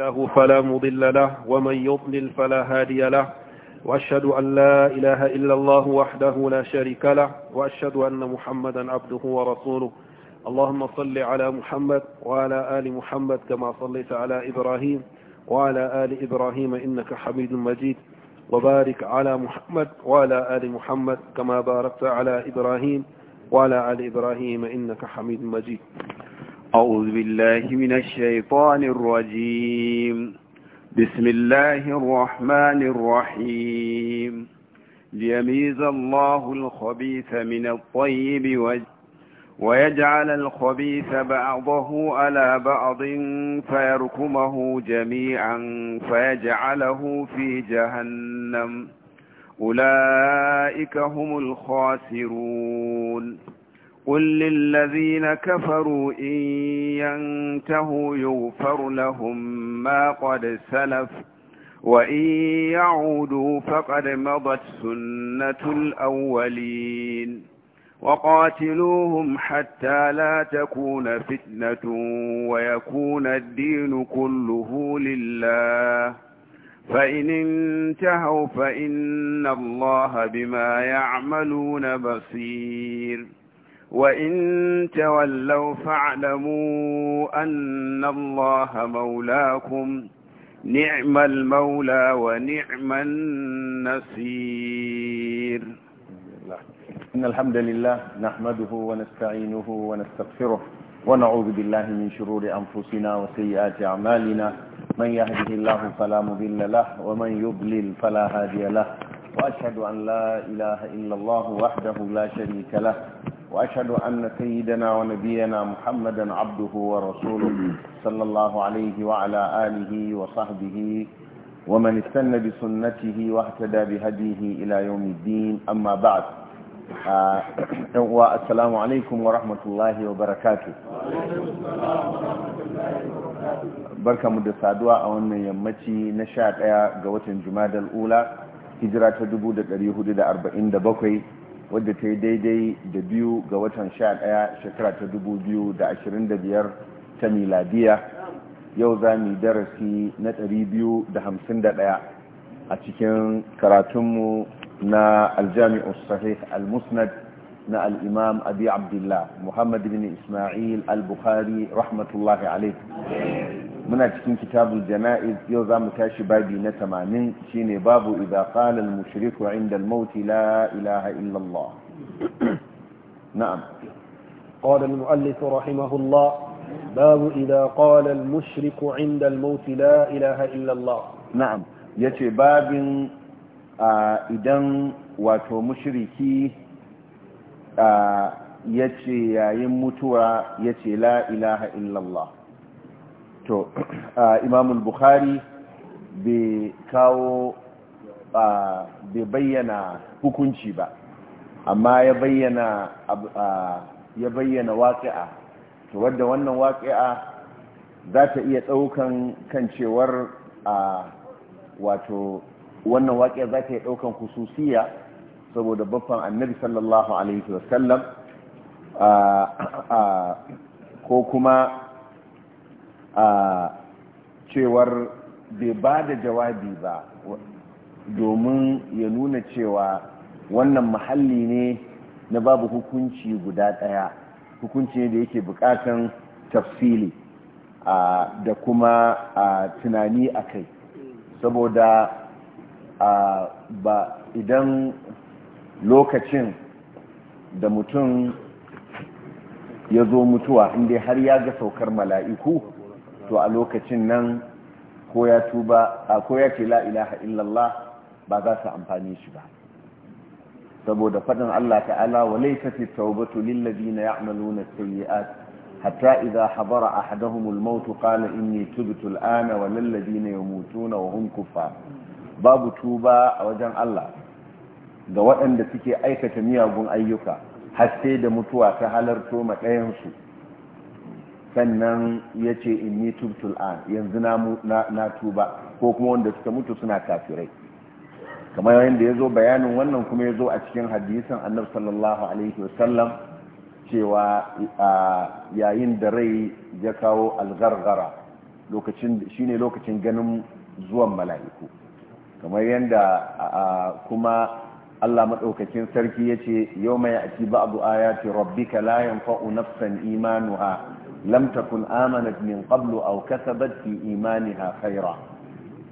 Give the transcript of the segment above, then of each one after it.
له فلا مضل له ومن يضلل فلا هادي له وأشهد أن لا إله إلا الله وحده لا شريك له وأشهد أن محمدا عبده ورسوله اللهم صل على محمد وعلى آل محمد كما صليت على إبراهيم وعلى آل إبراهيم إنك حميد مجيد وبارك على محمد وعلى آل محمد كما باركت على إبراهيم وعلى آل إبراهيم إنك حميد مجيد أعوذ بالله من الشيطان الرجيم بسم الله الرحمن الرحيم ليميز الله الخبيث من الطيب ويجعل الخبيث بعضه على بعض فيركمه جميعا فيجعله في جهنم أولئك هم الخاسرون قل للذين كفروا إن ينتهوا يغفر لهم ما قد سلف وإن يعودوا فقد مضت سنة الأولين وقاتلوهم حتى لا تكون فتنة ويكون الدين كله لله فإن انتهوا فإن الله بما يعملون بصير وإن تولوا فاعلموا أن الله مولاكم نعم المولى ونعم النصير إن الحمد لله نحمده ونستعينه ونستغفره ونعوذ بالله من شرور أنفسنا وسيئات أعمالنا من يهده الله فلا مضل له ومن يضلل فلا هادي له وأشهد أن لا إله إلا الله وحده لا شريك له وأشهد أن سيدنا ونبينا محمدا عبده ورسوله صلى الله عليه وعلى آله وصحبه ومن استنى بسنته واهتدى بهديه إلى يوم الدين أما بعد آه، والسلام عليكم ورحمة الله وبركاته barka mu da saduwa a wannan yammaci na sha ɗaya ga watan jumadal ula hijira ta 1447 wadda ta yi daidai da biyu ga watan sha ɗaya shekara ta dubu biyu da ashirin da biyar ta miladiya yau za mu darasi na ɗari biyu da hamsin da ɗaya a cikin karatunmu na aljami'u sahih al-musnad na al'imam abi abdullah muhammad bin ismail al-bukhari rahmatullahi alaihi muna cikin kitabul jana'iz yau za mu tashi babi na 80 shine babu idza qala al mushriku inda al maut la ilaha illa Allah na'am qala al muallif rahimahullah babu idza qala al mushriku inda al maut la ilaha illa Allah na'am yace babin idan wato mushriki yace yayin mutuwa yace la ilaha illa Allah to uh, imamul bukhari bai kawo uh, bai bayyana hukunci ba amma ya bayyana uh, ya bayyana waƙi'a to wadda wannan waƙi'a za ta iya ɗaukan kan cewar wato wannan waƙi'a za ta iya ɗaukan kususiya saboda babban annabi sallallahu alaihi wasallam ko kuma a cewar bai ba da jawabi ba domin ya nuna cewa wannan mahalli ne na babu hukunci guda ɗaya hukunci ne da yake bukatan tafsili da kuma tunani a kai saboda ba idan lokacin da mutum ya zo mutuwa inda har ya ga saukar mala'iku to a lokacin nan ko ya tuba a ko ya ce la ilaha illallah ba za su amfani shi ba saboda fadin Allah ta'ala wa laysati tawbatu lil ladina ya'maluna sayyi'at hatta idha hadara ahaduhumul maut qala inni tubtu al'ana wa lil ladina yamutuna wa hum kuffar babu tuba a wajen Allah ga waɗanda suke aikata miyagun ayyuka har sai da mutuwa ta halarto ma ɗayan su sannan ya ce inni tubtul an yanzu na tuba ko kuma wanda suka mutu suna kafirai kamar yadda ya zo bayanin wannan kuma ya zo a cikin hadisin annabi sallallahu alaihi wasallam cewa yayin da rai ya kawo algargara ne lokacin ganin zuwan mala'iku kamar yadda kuma Allah maɗaukakin sarki ya ce yau mai ya ce rabbi ka layan yanfa'u nafsan imanuha lam takun amanat min qablu aw kasabat fi imaniha khaira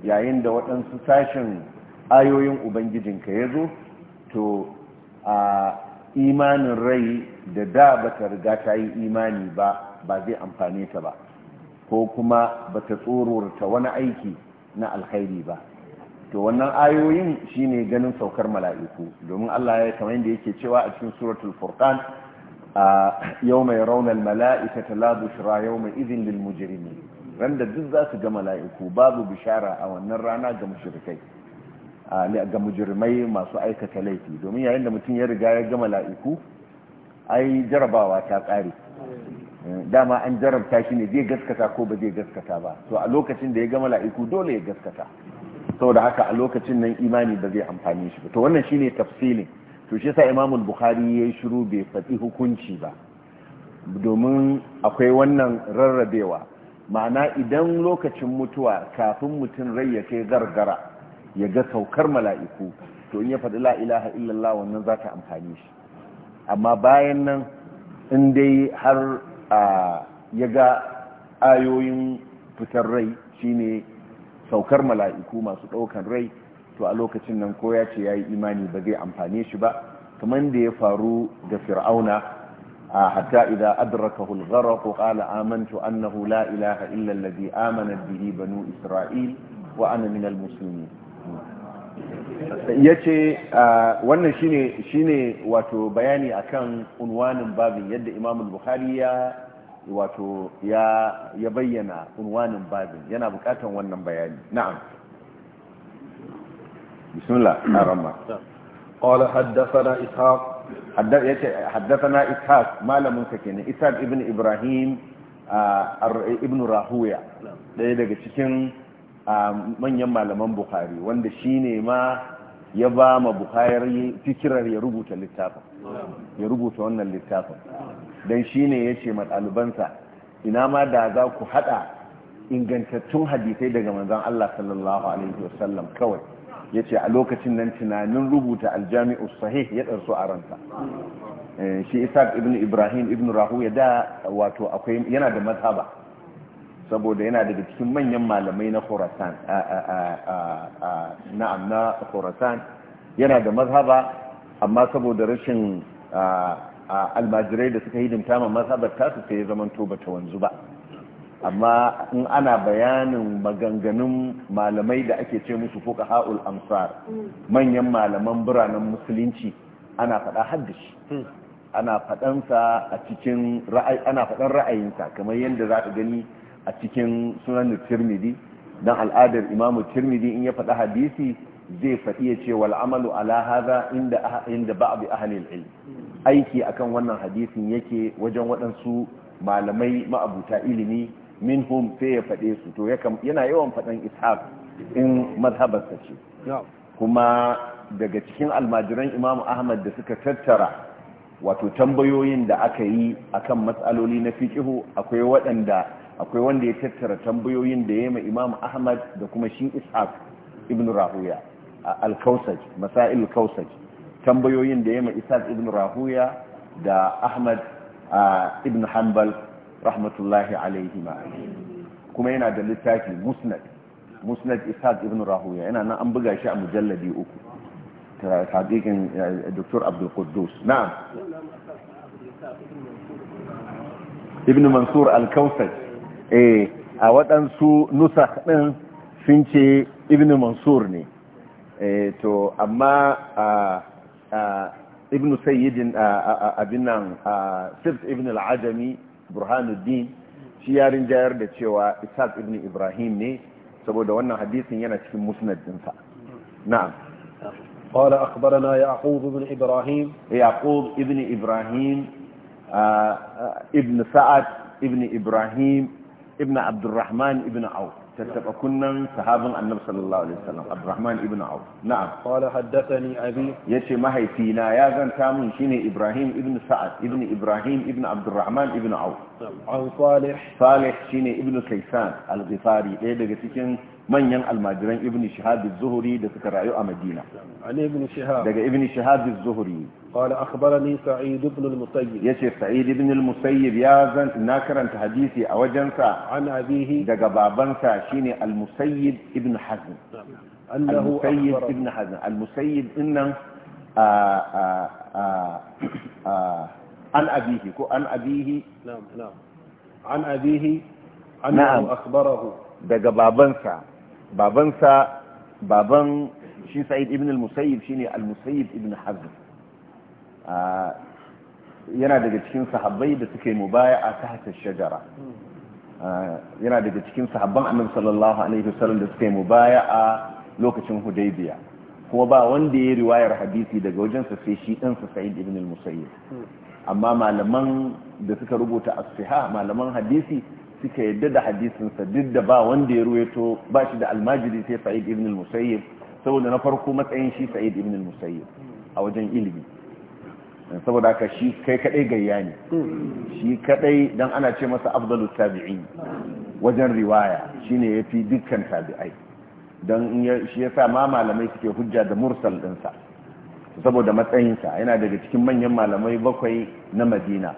yayin da waɗansu sashen ayoyin ubangijinka ya zo to a imanin rai da da bata riga ta yi imani ba ba zai amfane ta ba ko kuma bata ta tsororta wani aiki na alkhairi ba to wannan ayoyin shine ganin saukar mala'iku domin Allah ya kamar yadda yake cewa a cikin suratul furqan yau mai raunar mala'ika ta labushira yau mai izin lilmujirimi randa duk za su ga mala'iku babu bishara a wannan rana ga mushirikai ga mujirmai masu aikata laifi domin yayin da mutum ya riga ya ga mala'iku ai jarabawa ta ƙare dama an jarabta shi ne zai gaskata ko ba zai gaskata ba to a lokacin da ya ga mala'iku dole ya gaskata saboda haka a lokacin nan imani ba zai amfani shi ba to wannan shine tafsilin to shi sa imamul bukhari ya yi shiru bai faɗi hukunci ba domin akwai wannan rarrabewa ma'ana idan lokacin mutuwa kafin mutum rai ya kai gargara ya ga saukar mala'iku to in ya faɗi la'ilaha illallah wannan za ta amfani shi amma bayan nan in dai har ya ga ayoyin fitar rai shine saukar mala'iku masu ɗaukar rai to a lokacin nan ko ya ce ya yi imani ba zai amfane shi ba kamar da ya faru da fir'auna a hatta idan adrakahu hulgara ko kala amantu annahu la ilaha illa amana bihi banu isra'il wa ana min musulmi. yace wannan shine shine wato bayani akan unwanin babin yadda Imam al-Bukhari ya wato ya bayyana unwanin babin yana bukatan wannan bayani na'am بسم الله أرمى قال حدثنا إسحاق حدثنا إسحاق ما لم سكن إسحاق ابن إبراهيم ابن راهوية ɗaya daga cikin manyan malaman Bukhari wanda shine ma ya ba ma Bukhari fikirar ya rubuta littafin ya rubuta wannan littafin dan shine yace ya ce ina ma da za ku haɗa ingantattun hadisai daga manzan Allah sallallahu Alaihi wasallam kawai ya ce a lokacin nan tunanin rubuta aljami'u sahih ya ɗarsu a ransa eh, shi isaac ibn ibrahim ibn rahu ya da wato akwai yana da mazhaba saboda yana daga cikin manyan malamai na khorasan na'am na khorasan yana da mazhaba amma saboda rashin almajirai da suka hidimta ma mazhabar tasu sai ya zama to bata wanzu ba amma in ana bayanin maganganun malamai da ake ce musu fuka ha'ul amsar manyan malaman biranen musulunci ana faɗa haddashi ana faɗansa a cikin ra'ayi ana faɗan ra'ayinsa kamar yadda za ka gani a cikin sunan tirmidhi dan al'adar imamu tirmidhi in ya faɗa hadisi zai faɗi ya ce wal amalu ala hadha inda inda ba'd ahli al-ilm aiki akan wannan hadisin yake wajen waɗansu malamai ma'abuta ilimi minhum sai ya faɗe su to yana yawan faɗan ishaq in mazhabarsa ce kuma daga cikin almajiran imamu ahmad da suka tattara wato tambayoyin da aka yi akan matsaloli na fiqihu akwai waɗanda akwai wanda ya tattara tambayoyin da ya yi imamu ahmad da kuma shi ishaq ibn rahuya al-kausaj masail kausaj tambayoyin da ya yi ishaq ibn rahuya da ahmad ibn hanbal rahmatullahi alaihima kuma yana da littafi musnad musnad ishaq ibn rahuya yana nan an buga shi a mujalladi uku ta eh, dr abdul quddus na'am ibn mansur al kawsar eh a waɗansu nusa ɗin sun ce ibn mansur ne eh to amma a ibn sayyidin abinan nan ibn al adami burhanuddin shi ya rinjayar da cewa isaac ibn ibrahim ne saboda wannan hadisin yana cikin musnad dinsa na'am qala akhbarana yaqub ibrahim ibrahim uh, uh, ibn sa'ad ibrahim ibn abdurrahman ibn auf tattaba kunnan sahabin annabi sallallahu alaihi wasallam Abdurrahman ibn Auf na'am qala haddathani abi yace mahaifina ya zanta mun shine Ibrahim ibn Sa'ad ibn Ibrahim ibn Abdurrahman ibn Auf an Salih Salih shine ibn Kaysan al-Ghifari ɗaya daga cikin manyan almajiran ibn shahab az-zuhri da suka rayu a madina ali ibn shahab daga ibn shahab az-zuhri qala akhbarani sa'id ibn al-musayyib yace sa'id ibn al-musayyib ya zan na karanta hadisi a wajen sa an abihi daga baban sa shine al-musayyib ibn hazm annahu sayyid ibn hazm al-musayyib innan an abihi ko an abihi na'am na'am an abihi annahu akhbarahu daga babansa babansa baban shi sa'id ibn al-musayyib shine al-musayyib ibn hazm ah, yana daga cikin sahabbai da suke mubaya'a ta shajara ah, yana daga cikin sahabban annabi sallallahu alaihi wasallam da suke mubaya'a lokacin hudaybiya kuma ba wanda ya riwayar hadisi daga wajensa sai shi ɗansa sa'id ibn al-musayyib hmm. amma malaman da suka rubuta as sihah malaman hadisi suka yadda da hadisinsa duk da ba wanda ya ruwaito ba shi da almajiri sai sa'id ibn al-musayyib saboda na farko matsayin shi sa'id ibn al-musayyib a wajen ilimi saboda haka shi kai kadai gayya ne shi kadai dan ana ce masa afdalu tabi'in wajen riwaya shine yafi dukkan tabi'ai dan shi yasa ma malamai suke hujja da mursal dinsa saboda matsayinsa yana daga cikin manyan malamai bakwai na Madina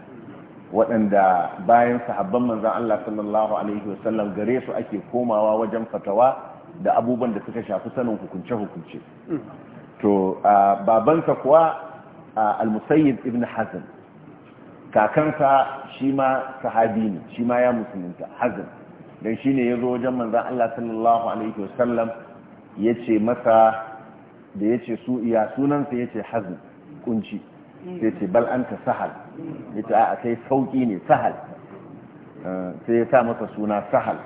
waɗanda bayan sahabban manzan Allah sallallahu alaihi wasallam gare su ake komawa wajen fatawa da abubuwan da suka shafi sanin hukunce-hukunce to babansa kuwa al musayyid ibn hazm kakansa shi ma sahabi ne shi ma ya musulunta Hazan, don shi ne ya zo wajen manzan Allah sallallahu alaihi wasallam ya ce masa da ya ce sunansa ya ce Hazan, kunci sai ce bal sahal ita a sai sauƙi ne sahal eh, sai ya sa masa suna sahal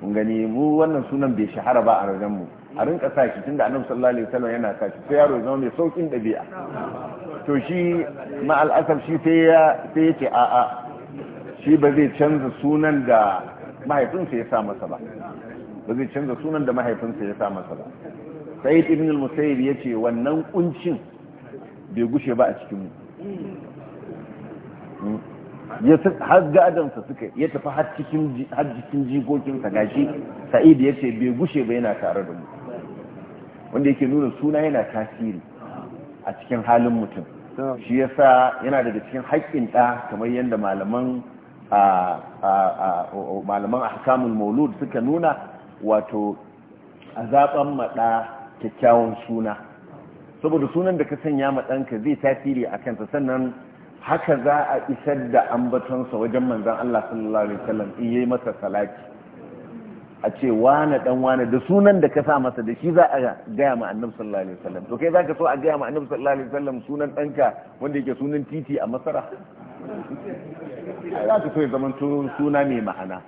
mun gani mu wannan sunan bai shahara ba a rajen mu a rinka sa shi tunda annabi sallallahu alaihi wasallam yana sa shi sai yaro zama mai saukin dabi'a to shi ma al'asar shi sai ya sai ya ce a'a shi ba zai canza sunan da mahaifinsa ya sa masa ba ba zai canza sunan da mahaifinsa ya sa masa ba sai ibn al-musayyib yace wannan kuncin bai gushe ba a cikin mu har gadansa suka ya tafi har cikin jikokinsa gashi sa'idu ya ce bai gushe ba yana tare da mu wanda yake nuna suna yana tasiri a cikin halin mutum shi yasa yana daga cikin haƙƙin ɗa kamar yadda malaman a hakamun maulud suka nuna wato a zaɓen maɗa kyakkyawan suna saboda sunan da ka sanya maɗanka zai tasiri a kansa sannan haka za a isar da ambatonsa wajen manzan Allah sallallahu alaihi wasallam in yi masa salaki a ce wane dan wane da sunan da ka sa masa da shi za a gaya ma annabi sallallahu alaihi wasallam to kai zaka so a gaya ma annabi sallallahu alaihi wasallam sunan danka wanda yake sunan titi a masara za ka so ya zama suna mai ma'ana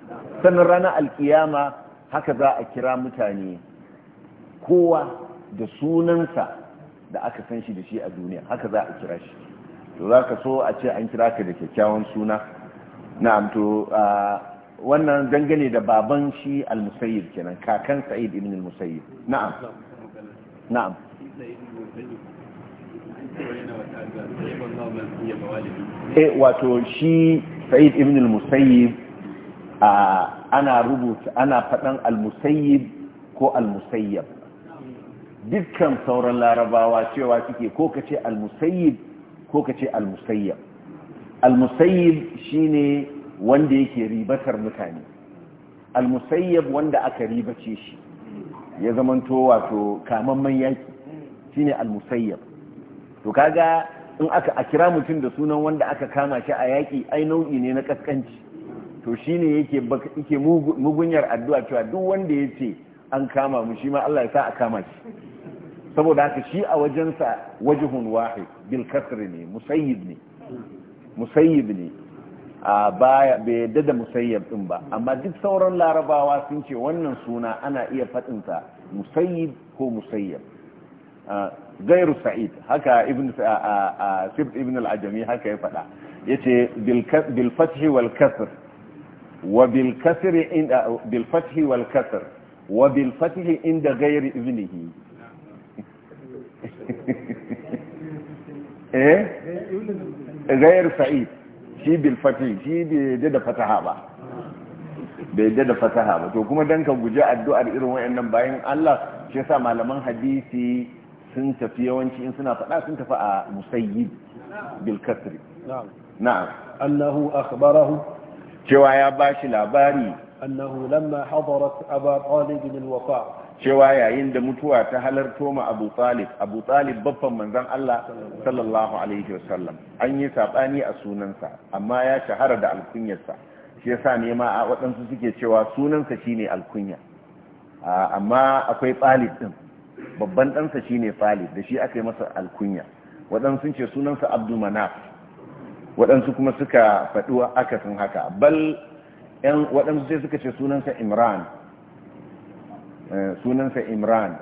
sannan ranar alkiyama haka za a kira mutane kowa da sunansa da aka san shi da shi a duniya haka za a kira shi to za ka so a ce an kira ka da kyakkyawan suna na'am to wannan dangane da baban shi al-musayyib kenan kakan sa'id ibn al-musayyib na'am na'am eh wato shi sa'id ibn al-musayyib ana rubuta ana fadan al-musayyib ko al-musayyab dukkan sauran larabawa cewa suke ko kace al-musayyib ko ka ce almusayyab, almusayyab shine wanda yake ribatar mutane almusayyab wanda aka ribace shi ya zamanto wato kamamman yaki shine almusayyab to kaga in aka a kira mutum da sunan wanda aka kama shi a yaki ai nau'i ne na kaskanci to shine yake yake mugunyar addu'a cewa duk wanda yace an kama mu shi ma Allah ya sa a kama shi saboda haka shi a wajensa wajihun wahid bil kasri ne musayyib ne musayyib ne a baya bai yadda da musayyab din ba amma duk sauran larabawa sun ce wannan suna ana iya faɗin sa musayyib ko musayyab gairu sa'id haka ibn sibt ibn al-ajami haka ya faɗa yace bil fath wal kasr wa bil kasr inda bil fath wal kasr wa bil fath inda ghairi ibnihi eh gayar sa'id shi bil shi bai da fataha ba bai da fataha ba to kuma dan ka guji addu'ar irin wayannan bayan Allah shi yasa malaman hadisi sun tafi yawanci in suna faɗa sun tafi a musayyib bil kasri na'am annahu akhbarahu cewa ya bashi labari annahu lamma hadarat aba talib al wafa cewa yayin da mutuwa ta halarto ma Abu Talib Abu Talib babban manzon Allah sallallahu alaihi wasallam an yi sabani a sunansa amma ya shahara da alkunyarsa shi yasa ne ma a waɗansu suke cewa sunansa shine alkunya amma akwai Talib din babban ɗansa shine Talib da shi aka yi masa alkunya waɗansu ce sunansa Abdul Manaf waɗansu kuma suka faɗi akasin haka bal waɗansu sai suka ce sunansa Imran Eh, sunansa imran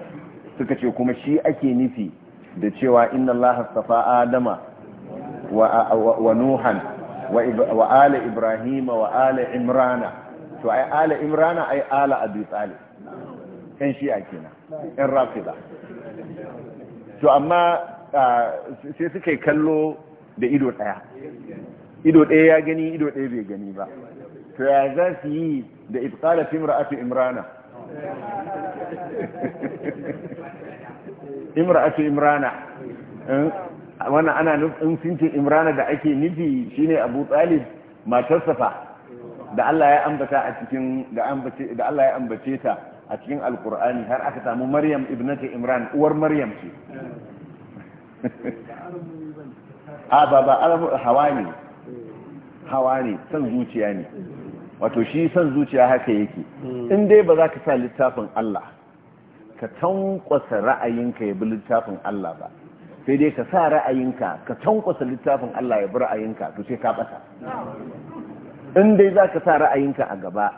suka ce kuma shi ake nufi da cewa inna allaha safa adama wa nuhan wa ala Ibrahim, wa ala imrana to ai ala imrana ai ala abi talib yan ake na yan rafida to amma sai suka yi kallo da ido daya ido daya ya gani ido daya bai gani ba to ya za su yi da ibqala fi imra'ati imrana imra'atu imrana wannan ana nufin sintin imrana da ake nufi shine abu talib matar safa da Allah ya ambata a cikin da ambace da Allah ya ambace ta a cikin alqur'ani har aka samu maryam ibnati imran uwar maryam ce a ba ba hawa ne san zuciya ne wato shi son zuciya haka yake in dai ba za ka sa littafin Allah ka tankwasa ra'ayinka ya bi littafin Allah ba sai dai ka sa ra'ayinka ka tankwasa littafin Allah ya bi ra'ayinka to sai ka bata in dai za ka sa ra'ayinka a gaba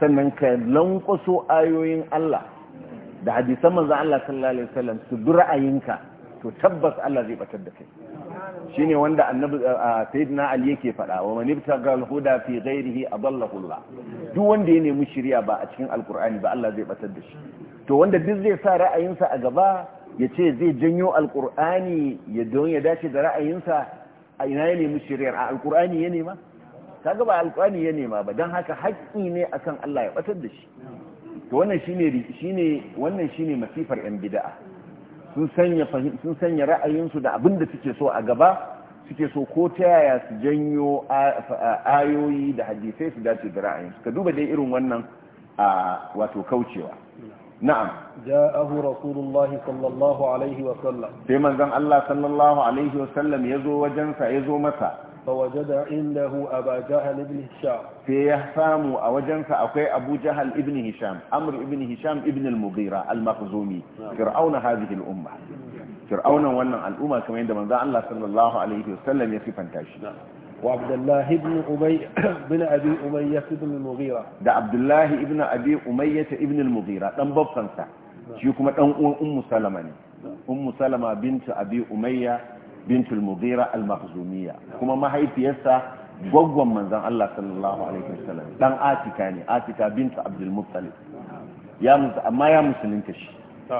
sannan ka lankwaso ayoyin Allah da hadisan manzan Allah sallallahu alaihi wasallam su bi ra'ayinka to tabbas Allah zai batar da kai Shi ne wanda annabi sayyidina ali yake fada wa man ibtaga al-huda fi ghairihi adallahu duk wanda ya nemi shirya ba a cikin alkur'ani ba Allah zai batar da shi to wanda duk zai sa ra'ayinsa a gaba ya ce zai janyo alkur'ani ya don ya dace da ra'ayinsa a ina ya nemi shari'ar a alkur'ani ya nema kaga ba alkur'ani ya nema ba don haka haƙƙi ne akan Allah ya batar da shi to wannan shine shine wannan shine masifar yan bid'a sun sanya ra'ayinsu da abin da suke so a gaba suke so ko ta yaya su janyo ayoyi da hadisai su dace da ra'ayinsu ka duba dai irin wannan wato kaucewa na'am ja'ahu rasulullahi sallallahu alaihi wa sallam sai manzon Allah sallallahu alaihi wa sallam yazo wajensa yazo masa فوجد عنده أبا جهل بن هشام في يهفام أوجنك أخي أبو جهل ابن هشام أمر ابن هشام ابن المغيرة المخزومي فرعون هذه الأمة فرعون ولا الأمة كما عندما ذا الله صلى الله عليه وسلم يصف تاشي وعبد الله بن أبي بن أبي أمية بن المغيرة ده عبد الله بن أبي أمية ابن المغيرة دم بابسنسا شيكم أم سلمة أم سلمة بنت أبي أمية bintul mughira al-makhzumiyya kuma mahaifiyarsa gwaggwan manzon Allah sallallahu alaihi wasallam dan Atika ne Atika bint Abdul Muttalib ya amma ya musulunta shi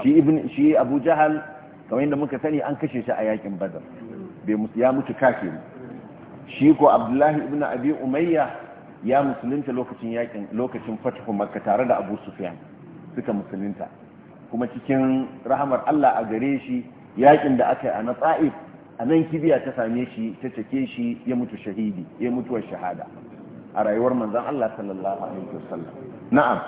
shi ibn shi Abu Jahal kamar yadda muka sani an kashe shi a yakin Badar bai ya mutu kafiri shi ko Abdullahi ibn Abi Umayya ya musulunta lokacin yakin lokacin fatahu Makka tare da Abu Sufyan suka musulunta kuma cikin rahamar Allah a gare shi yakin da aka yi a na tsa'if a nan kibiya ta same shi ta cake shi ya mutu shahidi ya mutuwar shahada a rayuwar manzan Allah sallallahu alaihi wasallam na'am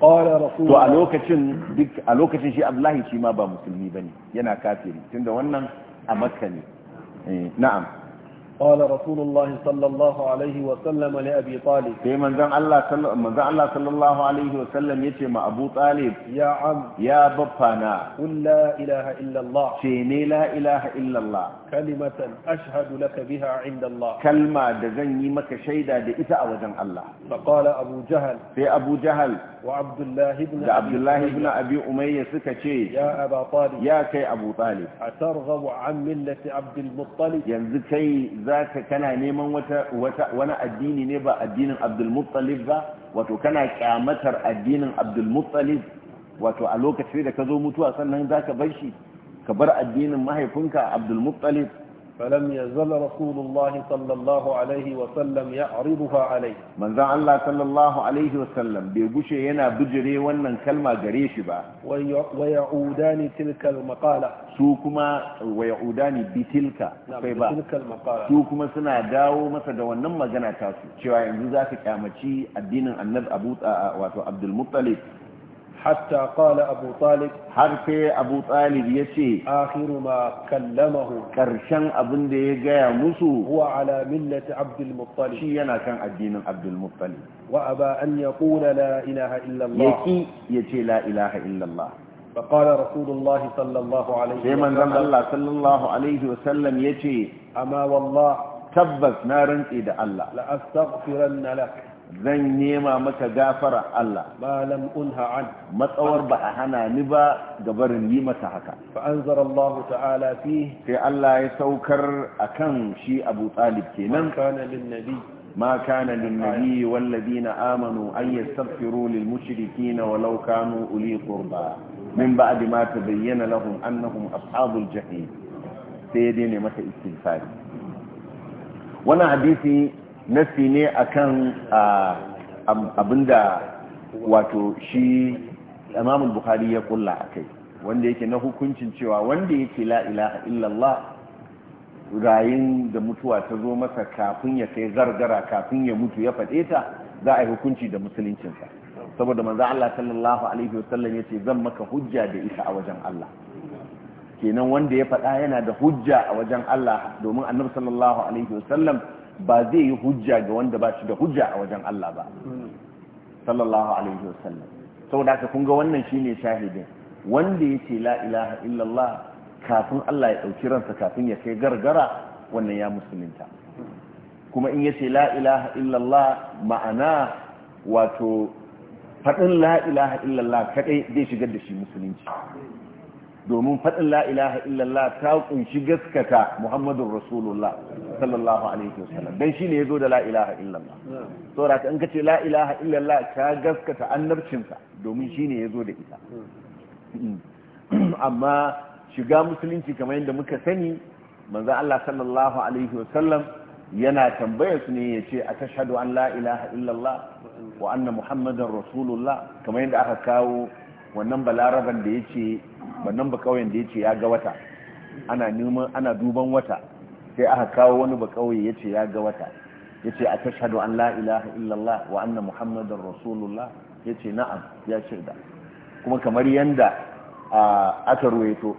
to a lokacin duk a lokacin shi Abdullahi shi ma ba musulmi bane yana kafiri tunda wannan a Makka ne eh, na'am قال رسول الله صلى الله عليه وسلم لأبي طالب في من ذن الله صلى من ذن الله صلى الله عليه وسلم يتي مع أبو طالب يا عم يا بفانا قل لا إله إلا الله شيني لا إله إلا الله كلمة أشهد لك بها عند الله كلمة دزني مك شيدا دئتا وجن الله فقال أبو جهل في أبو جهل da abdullahi bin abi umayya suka ce ya kai abu talib yanzu kai za ka kana neman wani addini ne ba addinin abdulmuttalib ba wato kana kyamatar addinin abdulmuttalib wato a lokacin da ka zo mutuwa sannan za ka bar shi ka bar addinin mahaifinka abdulmuttalib فلم يزل رسول الله صلى الله عليه وسلم يعرضها عليه من ذا الله صلى الله عليه وسلم بيغوشي ينا بجري wannan kalma gare shi ba ويعودان تلك المقالة su kuma ويعودان بتلك kai ba su kuma suna dawo masa da wannan magana ta cewa yanzu ka kyamaci addinin annabi Abu wato Abdul حتى قال أبو طالب حرف أبو طالب يسي آخر ما كلمه كرشن أبن دي جاي مسو هو على ملة عبد المطلب شينا كان الدين عبد المطلب وأبى أن يقول لا إله إلا الله يكي يتي لا إله إلا الله فقال رسول الله صلى الله عليه وسلم من الله صلى الله عليه وسلم يتي أما والله تبت نارا إذا الله لأستغفرن لك zan nema maka gafara Allah ma unha an matsawar ba a hana ni ba ga barin yi masa haka fa anzara Allah ta'ala fi sai Allah ya saukar akan shi Abu Talib kenan kana lin nabi ma kana lin nabi wal ladina amanu an yastaghfiru lil mushrikeen walau kanu uli qurba min ba'di ma tabayyana lahum annahum ashabul jahim sai dai ne masa istighfar wannan hadisi nafi ne a kan abinda wato shi imamul bukhari ya kulla a kai wanda yake na hukuncin cewa wanda yake la ilaha illallah rayin da mutuwa ta zo masa kafin ya kai gargara kafin ya mutu ya faɗe ta za a yi hukunci da musuluncinsa saboda manzo Allah sallallahu alaihi wasallam ce zan maka hujja da ita a wajen Allah kenan wanda ya faɗa yana da hujja a wajen Allah domin annabi sallallahu alaihi wasallam ba zai yi hujja ga wanda ba shi da hujja a wajen Allah ba sallallahu alaihi wasallam saboda haka kun ga wannan shine shahidin wanda yace la ilaha illallah kafin Allah ya dauki ransa kafin ya kai gargara wannan ya musulunta kuma in yace la ilaha illallah ma'ana wato faɗin la ilaha illallah kadai zai shigar da shi musulunci domin faɗin la ilaha illallah ta kunshi gaskata muhammadun rasulullah sallallahu alaihi wasallam dan shine zo da la ilaha illallah saboda in ka ce la ilaha illallah ta gaskata annabcinsa domin shine zo da ita amma shiga musulunci kamar yadda muka sani manzo Allah sallallahu alaihi wasallam yana tambayar su ne ya ce a tashhadu an la ilaha illallah wa anna muhammadun rasulullah kamar yadda aka kawo wannan balaraban da ya ce wannan bakawayen da ya ce ya ga wata ana neman ana duban wata sai aka kawo wani bakauye ya ce ya ga wata ya ce a tashhadu an la ilaha illallah wa anna muhammadar rasulullah ya ce na'am ya shirda kuma kamar yanda aka ruwaito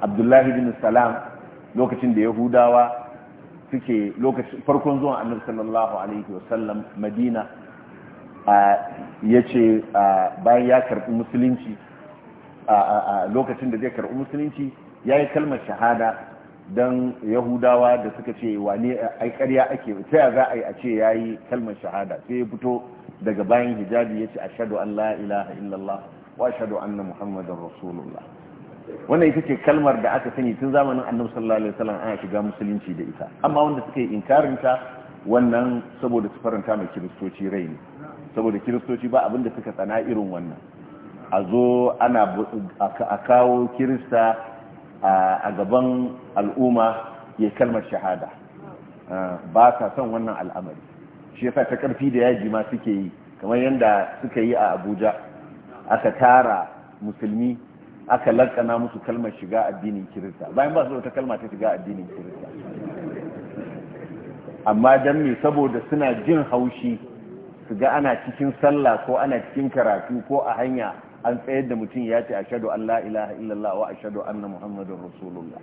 abdullahi bin salam lokacin da yahudawa suke farkon zuwan annabi sallallahu alaihi sallam madina ya ce bayan ya karɓi musulunci a lokacin da zai karɓi musulunci ya yi kalmar shahada don yahudawa da suka ce wane a karya ake ta ya za a yi a ce ya yi kalmar shahada sai ya fito daga bayan hijabi ya ce a ashadu an la ilaha illallah wa an na muhammadan rasulullah wannan ita ce kalmar da aka sani tun zamanin annabi sallallahu alaihi wasallam ana shiga musulunci da ita amma wanda suka yi inkarinta wannan saboda su faranta mai kiristoci rai ne saboda kiristoci ba abinda suka tsana irin wannan a zo ana a kawo kirista a gaban al'umma ya kalmar shahada ba sa son wannan al'amari shi yasa ta karfi da yaji ma suke yi kamar yadda suka yi a abuja aka tara musulmi aka lakana musu kalmar shiga addinin kirista bayan ba su wata kalma ta shiga addinin kirista amma don me saboda suna jin haushi su ga ana cikin sallah ko ana cikin karatu ko a hanya an tsayar da mutum ya ce ashadu an allah ilaha illallah wa ashadu anna muhammadun rasulullah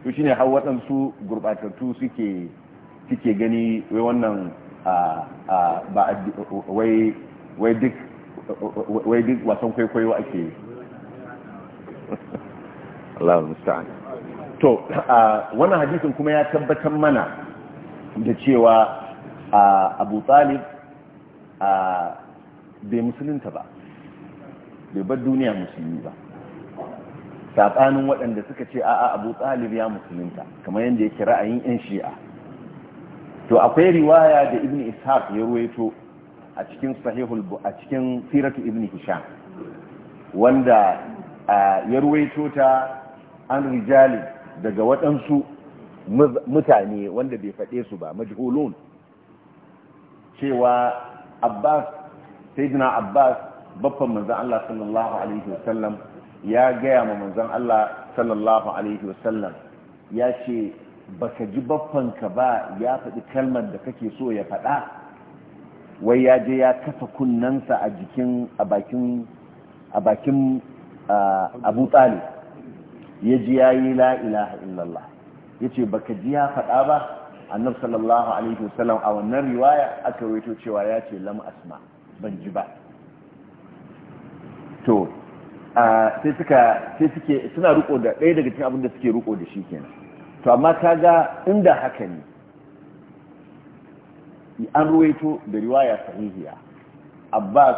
to shine har waɗansu gurɓatattu suke suke gani wai wannan ba wai wai duk wai duk wasan kwaikwayo ake yi Allah musta'an to wannan hadisin kuma ya tabbatar mana da cewa abu talib a bai musulunta ba bai bar duniya musulmi ba saɓanin waɗanda suka ce a'a abu tsalib ya musulunta kamar yadda ya a ra'ayin 'yan shi'a to akwai riwaya da ibn ishaq ya ruwaito a cikin sahihul a cikin siratu ibn hisham wanda ya ruwaito ta an rijali daga waɗansu mutane wanda bai faɗe su ba majhulun cewa abbas sayyidina abbas babban manzon Allah sallallahu alaihi wasallam ya gaya ma manzon Allah sallallahu alaihi wasallam ya ce baka ji ka ba ya faɗi kalmar da kake so ya faɗa wai ya je ya kafa kunnansa a jikin a bakin a bakin abu talib ya ji ya yi la ilaha illallah ya ce baka ji ya faɗa ba annabi sallallahu alaihi wasallam a wannan riwaya aka rawaito cewa ya ce lam asma ban ji ba to sai suka sai suke suna ruko da ɗaya daga cikin abin da suke ruko da shi kenan to amma kaga inda haka ne an ruwaito da riwaya sahihiya abbas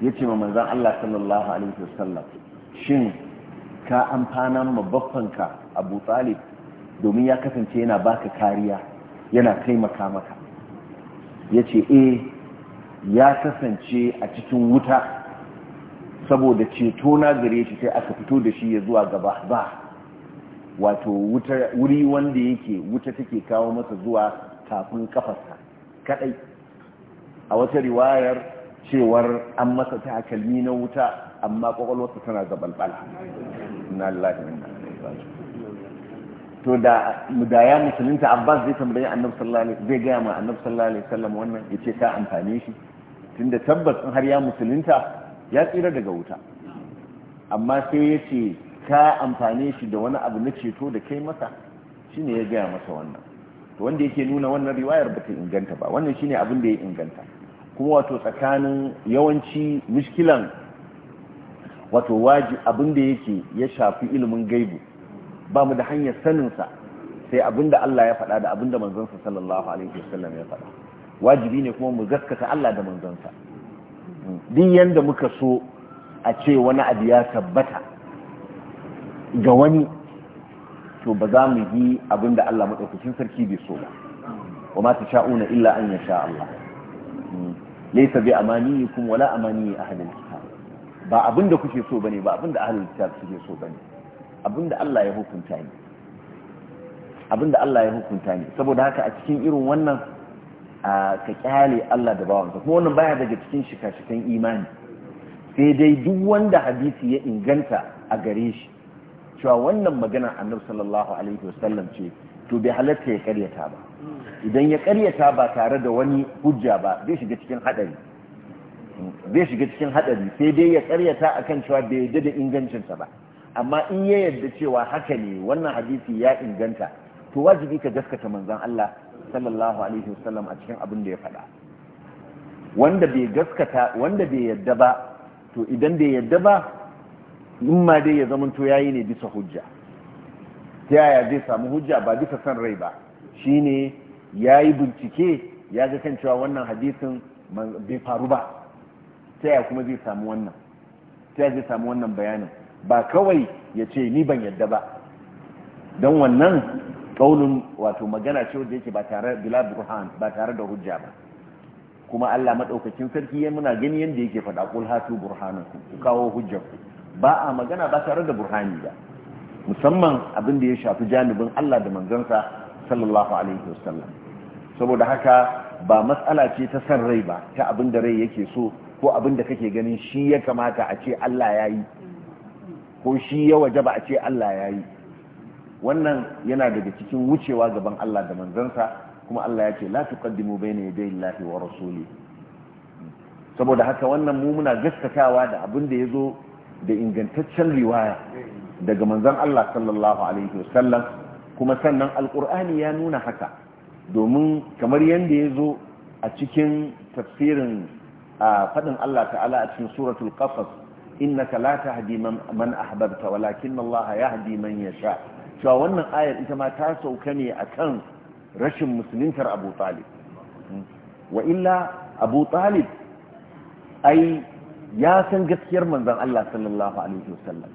ya ce ma manzan allah sallallahu alaihi wasallam shin ka amfana ma baffanka abu talib domin ya kasance yana baka kariya yana taimaka maka ya ce eh ya kasance a cikin wuta saboda ceto na gare shi sai aka fito da shi ya zuwa gaba ba wato wuri wanda yake wuta take kawo masa zuwa kafin kafarsa kadai a wata riwayar cewar an masa takalmi na wuta amma kwakwalwarsa tana zabalbala na da to da da ya musulunta Abbas zai tambaye Annabi sallallahu alaihi zai ga ma Annabi sallallahu alaihi wasallam wannan yace ka amfane shi tunda tabbas in har ya musulunta ya tsira daga wuta amma sai yace ka amfane shi da wani abu na ceto da kai masa shine ya ga masa wannan to wanda yake nuna wannan riwayar ba ta inganta ba wannan shine abin da ya inganta kuma wato tsakanin yawanci mishkilan wato waji abin da yake ya shafi ilimin gaibu ba mu da hanyar saninsa sai abinda Allah ya faɗa da abinda manzansa sallallahu alaihi wasallam ya faɗa wajibi ne kuma mu gaskata Allah da manzansa duk yanda muka so a ce wani abu ya tabbata ga wani to ba za mu yi abinda Allah madaukakin sarki bai so ba wa ma tasha'una illa an yasha Allah laysa bi amaniyikum wala amaniyi ahlil kitab ba abinda kuke so bane ba abinda ahlul kitab suke so bane abinda Allah ya hukunta ne abinda Allah ya hukunta ne saboda haka a cikin irin wannan ka kyale Allah da bawansa kuma wannan baya daga cikin shika-shikan imani sai dai duk wanda hadisi ya inganta a gare shi cewa wannan magana annabi sallallahu alaihi wasallam ce to bai halatta ya karyata ba idan ya karyata ba tare da wani hujja ba zai shiga cikin hadari zai shiga cikin hadari sai dai ya karyata akan cewa bai yadda da ingancinsa ba amma in ya yadda cewa haka ne wannan hadisi ya inganta to wajibi ka gaskata manzon Allah sallallahu alaihi wasallam a cikin abin da ya faɗa wanda bai gaskata wanda bai yarda ba to idan bai yadda ba in ma dai ya zamanto yayi ne bisa hujja ta yaya zai samu hujja ba bisa san rai ba shine yayi bincike ya ga kan cewa wannan hadisin bai faru ba ta yaya kuma zai samu wannan ta yaya zai samu wannan bayanin ba kawai ya ce ni ban yadda ba don wannan ƙaunin wato magana ce wadda yake ba tare bila burhan ba tare da hujja ba kuma Allah maɗaukacin sarki ya muna gani yadda yake faɗa kul hatu burhanaku ku kawo hujjar ku ba a magana ba tare da burhani ba musamman abin da ya shafi janibin Allah da manzansa sallallahu alaihi wasallam saboda haka ba matsala ce ta san rai ba ta abin da rai yake so ko abin da kake ganin shi ya kamata a ce Allah ya yi ko shi ya waje a ce Allah ya yi wannan yana daga cikin wucewa gaban Allah da manzansa kuma Allah ya ce la tuqaddimu bayna ya Allahi wa rasuli saboda haka wannan mu muna gaskatawa da abin da ya zo da ingantaccen riwaya daga manzon Allah sallallahu alaihi wasallam kuma sannan alqur'ani ya nuna haka domin kamar yanda yazo a cikin tafsirin a faɗin Allah ta'ala a cikin suratul qasas innaka la tahdi man ahbabta walakin Allah yahdi man yasha cewa wannan ayar ita ma ta sauka ne akan rashin musulunta Abu Talib hmm. wa illa Abu Talib ai ya san gaskiyar manzon Allah sallallahu alaihi wasallam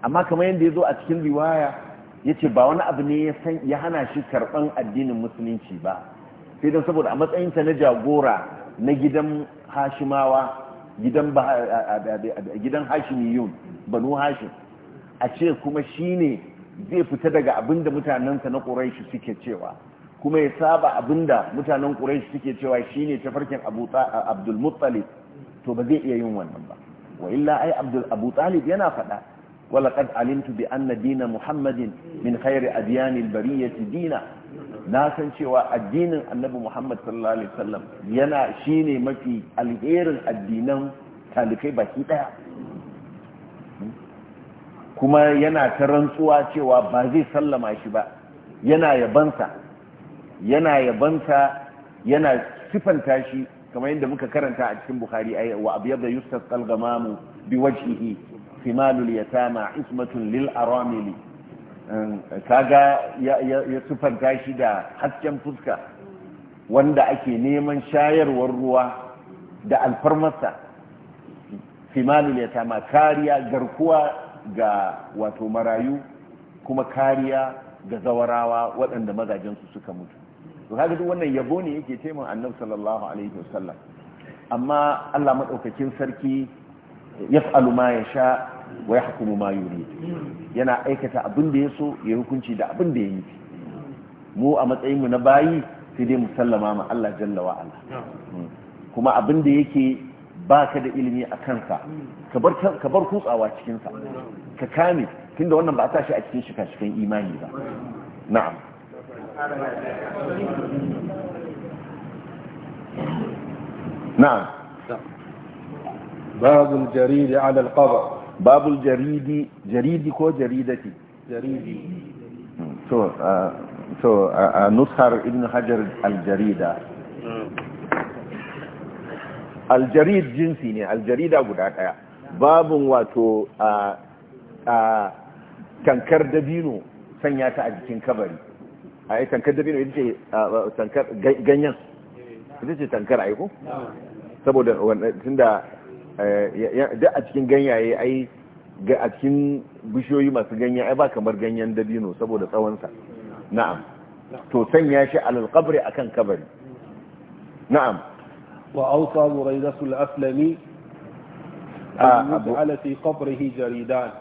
amma kamar yadda yazo a cikin riwaya yace ba wani abu ne ya san ya hana shi karban addinin musulunci ba sai dan saboda a matsayin sa na jagora na gidan Hashimawa gidan hashimiyun banu hashim a ce kuma shine zai fita daga abinda mutanensa na ƙuraishi suke cewa kuma ya saba abinda mutanen ƙuraishi suke cewa shine tafarkin abdul to ba zai iya yin wannan ba wa illa ai abdul abu talib yana faɗa walaƙad alimtu bi anna dina muhammadin min khairi adiyanil bariyati dina na san cewa addinin annabi muhammad sallallahu alaihi wasallam yana shine mafi alherin addinan talikai baki daya kuma yana ta rantsuwa cewa ba zai sallama shi ba yana yabansa yana yabansa yana sifanta shi kamar yadda muka karanta a cikin bukhari ay wa abyada yustasqal ghamamu biwajhihi thimalul yatama ismatun lil aramili Um, kaga ya sufanta shi da hasken fuska wanda ake neman shayarwar ruwa da alfarmasa fimanul ya tama kariya garkuwa ga wato marayu kuma kariya ga zawarawa waɗanda mazajensu suka mutu to kaga duk wannan yabo ne yake taimakon annabi sallallahu alaihi wasallam amma Allah madaukakin sarki ya yaf'alu ma sha. wa yahkumu ma yurid yana aikata abin da yaso ya hukunci da abin da ya yi mu a matsayin mu na bayi sai dai mu sallama ma Allah jalla wa ala kuma abin da yake baka da ilimi a kansa ka bar ka bar kutsawa cikin sa ka kame tunda wannan ba a tashi a cikin shika cikin imani ba na'am na'am باب الجريد على القبر babul jaridi jaridi ko jaridati jaridi to to a nushar ibn hajar aljarida hmm. aljarid jinsi ne aljarida guda daya babun wato a uh, uh, tankar dabino sanya ta a jikin kabari a yi tankar dabino ita ce uh, tankar ganyen eh. ita ce tankar aiko saboda wanda tunda Eh, duk a cikin ganyaye ai ga a cikin bishiyoyi masu ganye ai ba kamar ganyen dabino saboda tsawonsa na'am to sanya shi alal qabri akan kabari na'am wa awsa buraidatul aslami ah, ala fi qabrihi jaridan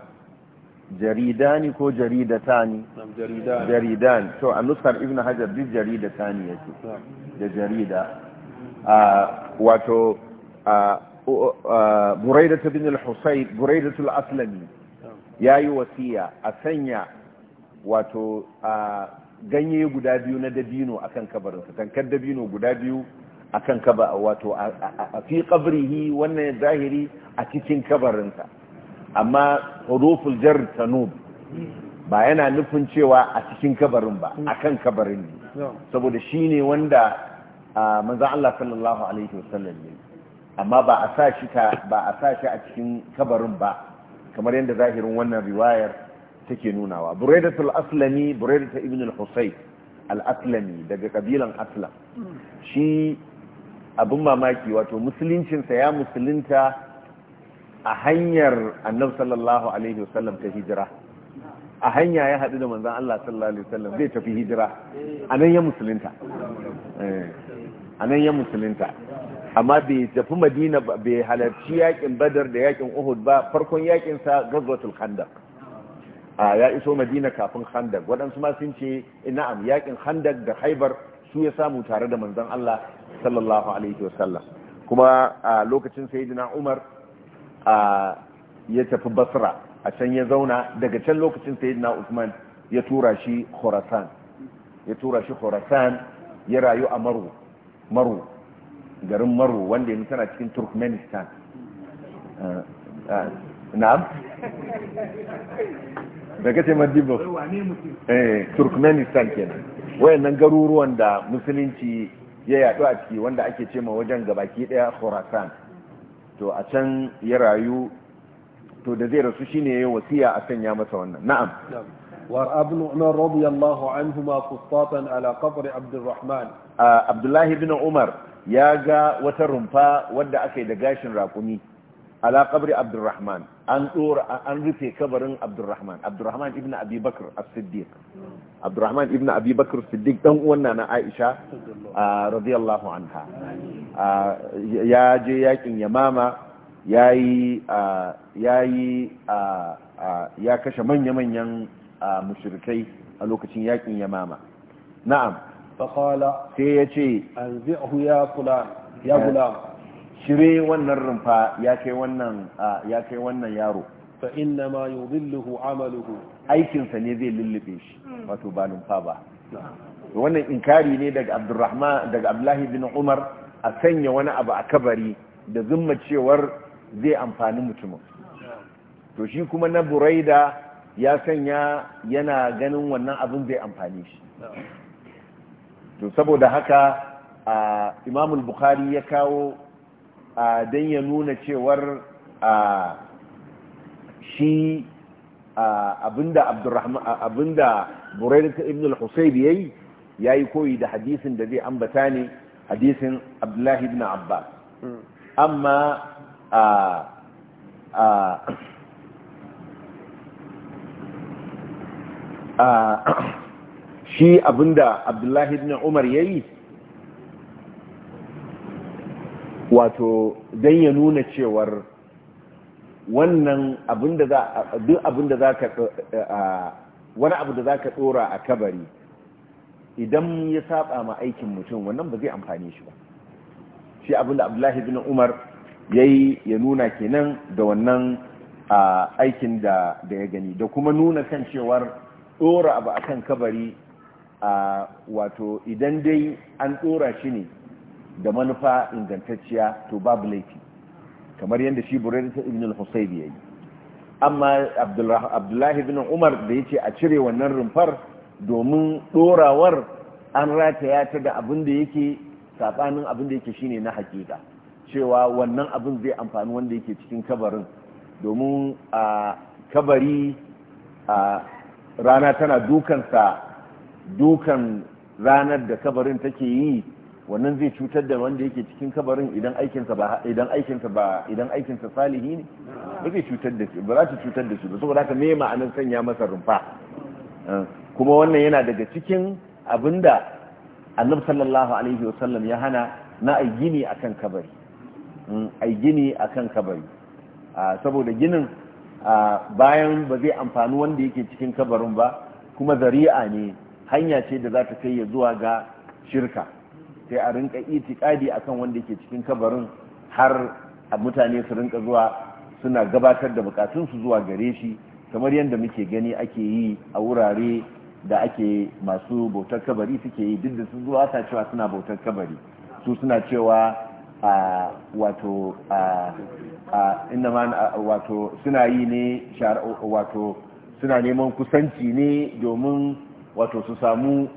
jaridani ko jaridatani jaridan jaridan to a nuskar ibnu hajar bi jaridatani yake da jarida ah, wato ah, Buraidatu bin al-husayn buraida al-aslami yayi wasiya a sanya wato ganye guda biyu na dabino akan kabarinsa tankar dabino guda biyu akan kaba wato a fi qabrihi wannan zahiri a cikin kabarinsa amma huruful jar tanub ba yana nufin cewa a cikin kabarin ba akan kabarin ne saboda shine wanda manzon Allah sallallahu alaihi wasallam ne amma ba a sa shi ba a sa shi a cikin kabarin ba kamar yadda zahirin wannan riwayar take nunawa buraidatul aslami buraidatu ibn al-husayn al-aslami daga kabilan aslam shi abin mamaki wato sa ya musulunta a hanyar annabi sallallahu alaihi wasallam ta hijira a hanya ya haɗu da manzon Allah sallallahu alaihi wasallam zai tafi hijira a nan ya musulunta eh, a nan ya musulunta amma bai tafi madina bai halarci yakin badar da yakin uhud ba farkon yakin sa gazwatul khandaq a ya iso madina kafin khandaq waɗansu ma sun ce na'am yakin khandaq da haibar su ya samu tare da manzon Allah sallallahu alaihi wasallam kuma a lokacin sayyidina umar a ya tafi basra a can ya zauna daga can lokacin sayyidina usman ya tura shi khurasan ya tura shi khurasan ya rayu a maru maru garin maru wanda yanzu tana cikin turkmenistan ah, ah, na'am da kace madibo eh turkmenistan kenan wayannan garuruwan da musulunci ya yaɗu a ciki wanda ake ce ma wajen gabaki ɗaya khorasan to a can ya rayu to da zai rasu shine ya wasiya a ya masa wannan na'am وابن عمر رضي الله عنهما قسطاطا على قبر عبد الرحمن عبد الله بن عمر ya ga wata rumfa wadda aka yi da gashin raƙumi ala kabri abdurrahman an ɗora an rufe kabarin abdurrahman abdurrahman ibn abi bakr as-siddiq abdurrahman ibn abi siddiq dan uwan na aisha radiyallahu anha ya je yakin yamama yayi yayi ya kashe manya-manyan mushrikai a lokacin yakin yamama na'am faƙala sai ya ce an zi'ahu ya kula ya wannan rumfa ya kai wannan ya kai wannan yaro fa inna ma yudilluhu amaluhu aikinsa ne zai lullube shi wato ba lumfa ba wannan inkari ne daga Abdurrahman daga Abdullahi bin Umar a sanya wani abu a kabari da zumma cewar zai amfani mutumin to shi kuma na buraida ya sanya yana ganin wannan abin zai amfani shi to saboda haka imamul bukhari ya kawo don ya nuna cewar shi abinda abdurrahman abinda buraidata ibn al-husayb yayi yayi koyi da hadisin da zai ambata ne hadisin abdullahi ibn abbas amma a shi abinda abdullahi ibn umar ya yi wato don ya nuna cewar wannan abinda za ka wani abu da za ka tsora a kabari idan ya saba ma aikin mutum wannan ba zai amfani shi ba shi abinda abdullahi ibn umar ya yi ya nuna kenan da wannan aikin da ya gani da kuma nuna kan cewar tsora abu kan kabari a wato idan dai an tsora shi ne da manufa ingantacciya to babu laifi kamar yadda shi buraita ibn al-husayb yayi amma abdullahi ibn umar da yace a cire wannan rumfar domin dorawar an rataya ta da abin da yake sabanin abin da yake shine na hakika cewa wannan abin zai amfani wanda yake cikin kabarin domin a kabari a rana tana dukansa dukan ranar da kabarin take yi wannan zai cutar da wanda yake cikin kabarin idan aikinsa ba idan aikinsa ba idan aikinsa salihi ne ba zai cutar da shi ba za ta cutar da shi ba saboda haka me ma'anar sanya masa rumfa eh, kuma wannan yana daga cikin abinda annab sallallahu alaihi wasallam ya hana na ai gini akan kabari hmm, ai gini akan kabari ah, saboda ginin ah, bayan ba zai amfani wanda yake cikin kabarin ba kuma zari'a ne hanya ce da za ta kai ya zuwa ga shirka sai a rinka itikadi akan wanda ke cikin kabarin har mutane su rinka zuwa suna gabatar da bukatunsu zuwa gare shi kamar yadda muke gani ake yi a wurare da ake masu bautar kabari suke yi duk da su zuwa ta cewa suna bautar kabari su suna cewa a wato a inda ma wato suna yi ne wato suna neman kusanci ne domin wato su samu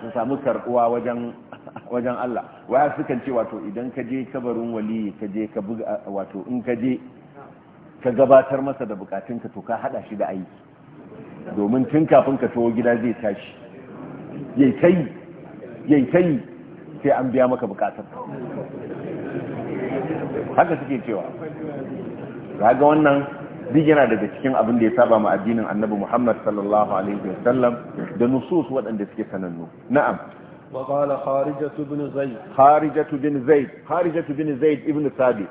su samu karbuwa wajen wajen Allah waya sukan ce wato idan ka je kabarin wali ka je ka buga wato in ka je ka gabatar masa da bukatunka to ka hada shi da aiki domin tun kafin ka tawo gida zai tashi yayi kai yayi kai sai an biya maka bukatar haka suke cewa ga wannan duk yana daga cikin abin da ya saba ma addinin annabi Muhammad sallallahu alaihi wasallam da nusus waɗanda suke sanannu na'am wa qala kharijatu ibn zaid kharijatu ibn zaid kharijatu ibn zaid ibn sabit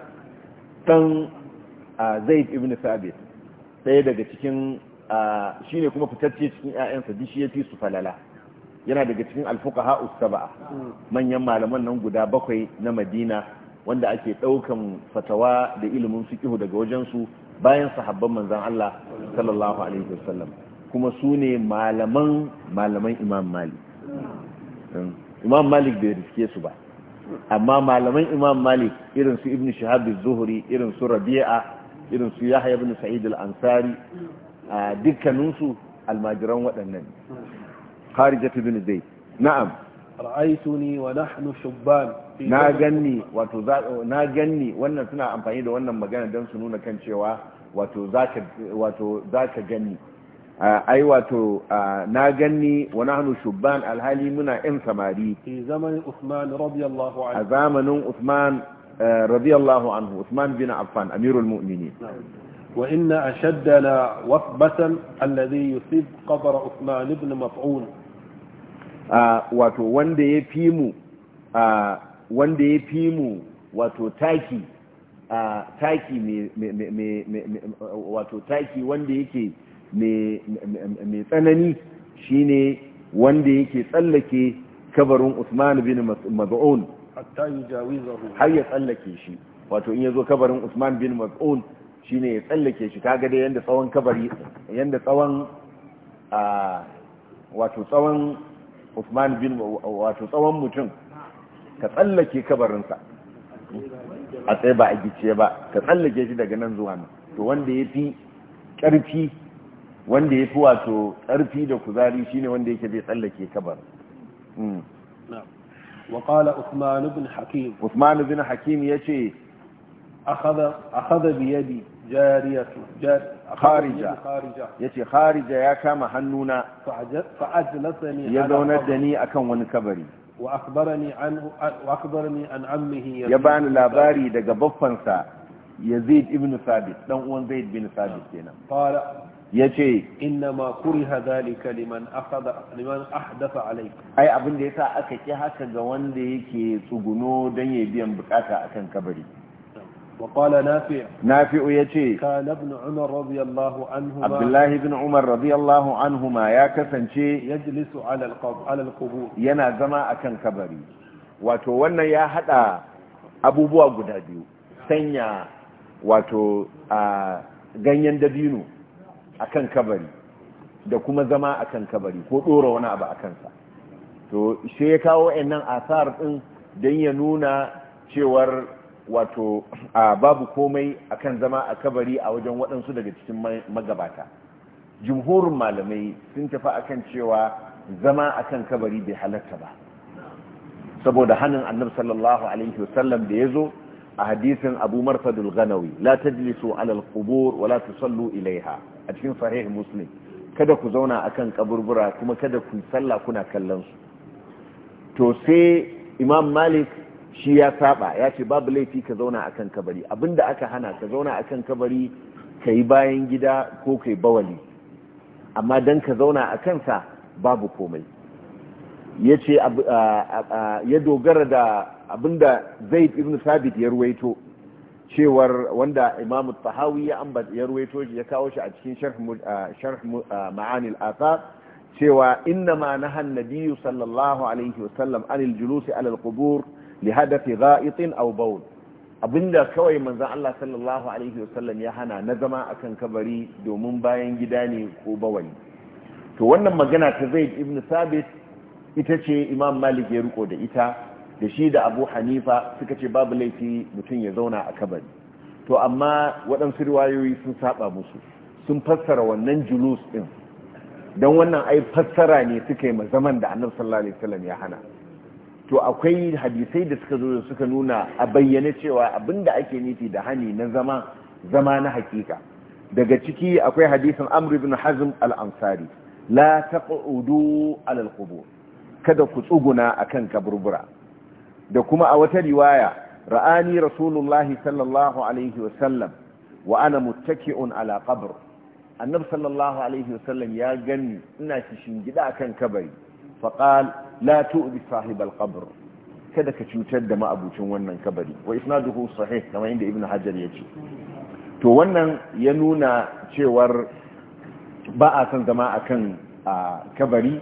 dan zaid ibn sabit sai daga cikin shine kuma fitacce cikin ƴaƴansa dishi yafi su falala yana daga cikin alfuqaha usaba'a manyan malaman nan guda bakwai na Madina wanda ake daukan fatawa da ilimin fiqh daga wajen su bayan sahabban manzan Allah sallallahu alaihi wasallam kuma su ne malaman malaman imam malik hmm. imam malik bai riske su ba amma malaman imam malik irin su ibn shahab az-zuhri irin su rabi'a irin su yahya ibn sa'id al-ansari dukkaninsu almajiran waɗannan kharijat ibn zaid na'am ra'aituni wa nahnu shubban na ganni wato na ganni wannan suna amfani da wannan magana don su nuna kan cewa wato zaka wato zaka ganni ai wato na ganni wa nahnu shubban alhali muna in samari fi zamanin Uthman radiyallahu anhu a zamanin Uthman eh, radiyallahu anhu Uthman bin Affan amirul mu'minin وإن ashaddana وثبة الذي يصيب قبر عثمان ibn مفعول wato wanda ya fi mu wanda ya fi mu wato taki taki wato taki wanda yake mai tsanani shine wanda yake tsallake kabarin Usman bin Maz'un har ya tsallake shi wato in yazo kabarin Usman bin Maz'un shine ya tsallake shi kaga dai yanda tsawon kabari yanda tsawon wato tsawon Uthman bin wato tsawon mutum ka tsallake kabarinsa a tsaye ba a gice ba ka tsallake shi daga nan zuwa nan to wanda ya fi ƙarfi wanda ya fi wato ƙarfi da kuzari shine wanda yake bai tsallake kabarin وقال عثمان bin hakim عثمان bin hakim يجي أخذ, أخذ بيدي جارية جار kharija yace kharija ya kama hannuna fa'ajlasani ya zaunar da ni akan wani kabari wa akhbarani an wa akhbarani an ammihi ya bani labari daga baffansa Yazid ibn Thabit dan uwan Zaid bin Thabit kenan qala yace inna ma kuriha zalika liman akhadha liman ahdatha alayk ai abin da yasa aka ki haka ga wanda yake tsuguno dan yayi biyan bukata akan kabari وقال نافع نافع يتي كان ابن عمر رضي الله عنهما عبد الله بن عمر رضي الله عنهما يا كسنشي يجلس على القبر على القبور ينا زما akan kabari wato wannan ya hada abubuwa guda biyu سنيا واتو a ganyen dabino akan kabari da kuma zama akan kabari ko dora wani abu akan sa to shi ya kawo ɗannan asar din don ya nuna cewar wato a babu komai akan zama a kabari a wajen waɗansu daga cikin magabata jumhurin malamai sun tafi akan cewa zama akan kabari bai halarta ba saboda hannun annabi sallallahu alaihi wasallam da ya zo a hadisin abu marfadul ganawi la tajlisu ala alqubur wa la tusallu ilaiha a cikin sahih muslim kada ku zauna akan kaburbura kuma kada ku sallah kuna kallon su to sai imam malik shi ya saba ya ce babu laifi ka zauna akan kabari abinda aka hana ka zauna akan kabari ka yi bayan gida ko kai bawali amma don ka zauna a kansa babu komai ya ce ya dogara da abinda zai ibn sabit ya ruwaito cewar wanda imamu tahawi ya ya ruwaito ya kawo shi a cikin sharh ma'anil athar cewa inna ma nahan nabiyyu sallallahu alaihi wasallam anil julusi alal qubur li hadafi gha'itin aw bawl abinda kawai manzon Allah sallallahu alaihi wasallam ya hana na zama akan kabari domin bayan gida ne ko bawali to wannan magana ta Zaid ibn Sabit ita ce Imam Malik ya riko da ita da shi da Abu Hanifa suka ce babu laifi mutum ya zauna a kabari to amma waɗansu riwayoyi sun saba musu sun fassara wannan julus din don wannan ai fassara ne suka yi zaman da annabi sallallahu alaihi wasallam ya hana to akwai hadisai da suka zo da suka nuna a bayyane cewa abinda ake nufi da hani na zama zama na hakika daga ciki akwai hadisin amr ibn hazm al-ansari la taqudu ala al-qubur kada ku tsuguna akan kaburbura da kuma a wata riwaya ra'ani rasulullahi sallallahu alaihi wasallam wa ana muttaki'un ala qabr annabi sallallahu alaihi ya gani ina shi shingida akan kabari faqal la tu'bi sahibal qabr kada ka cutar da ma'abucin wannan kabari wa isnaduhu sahih kamar inda ibnu hajar ya ce to wannan ya nuna cewar ba a san zama akan kabari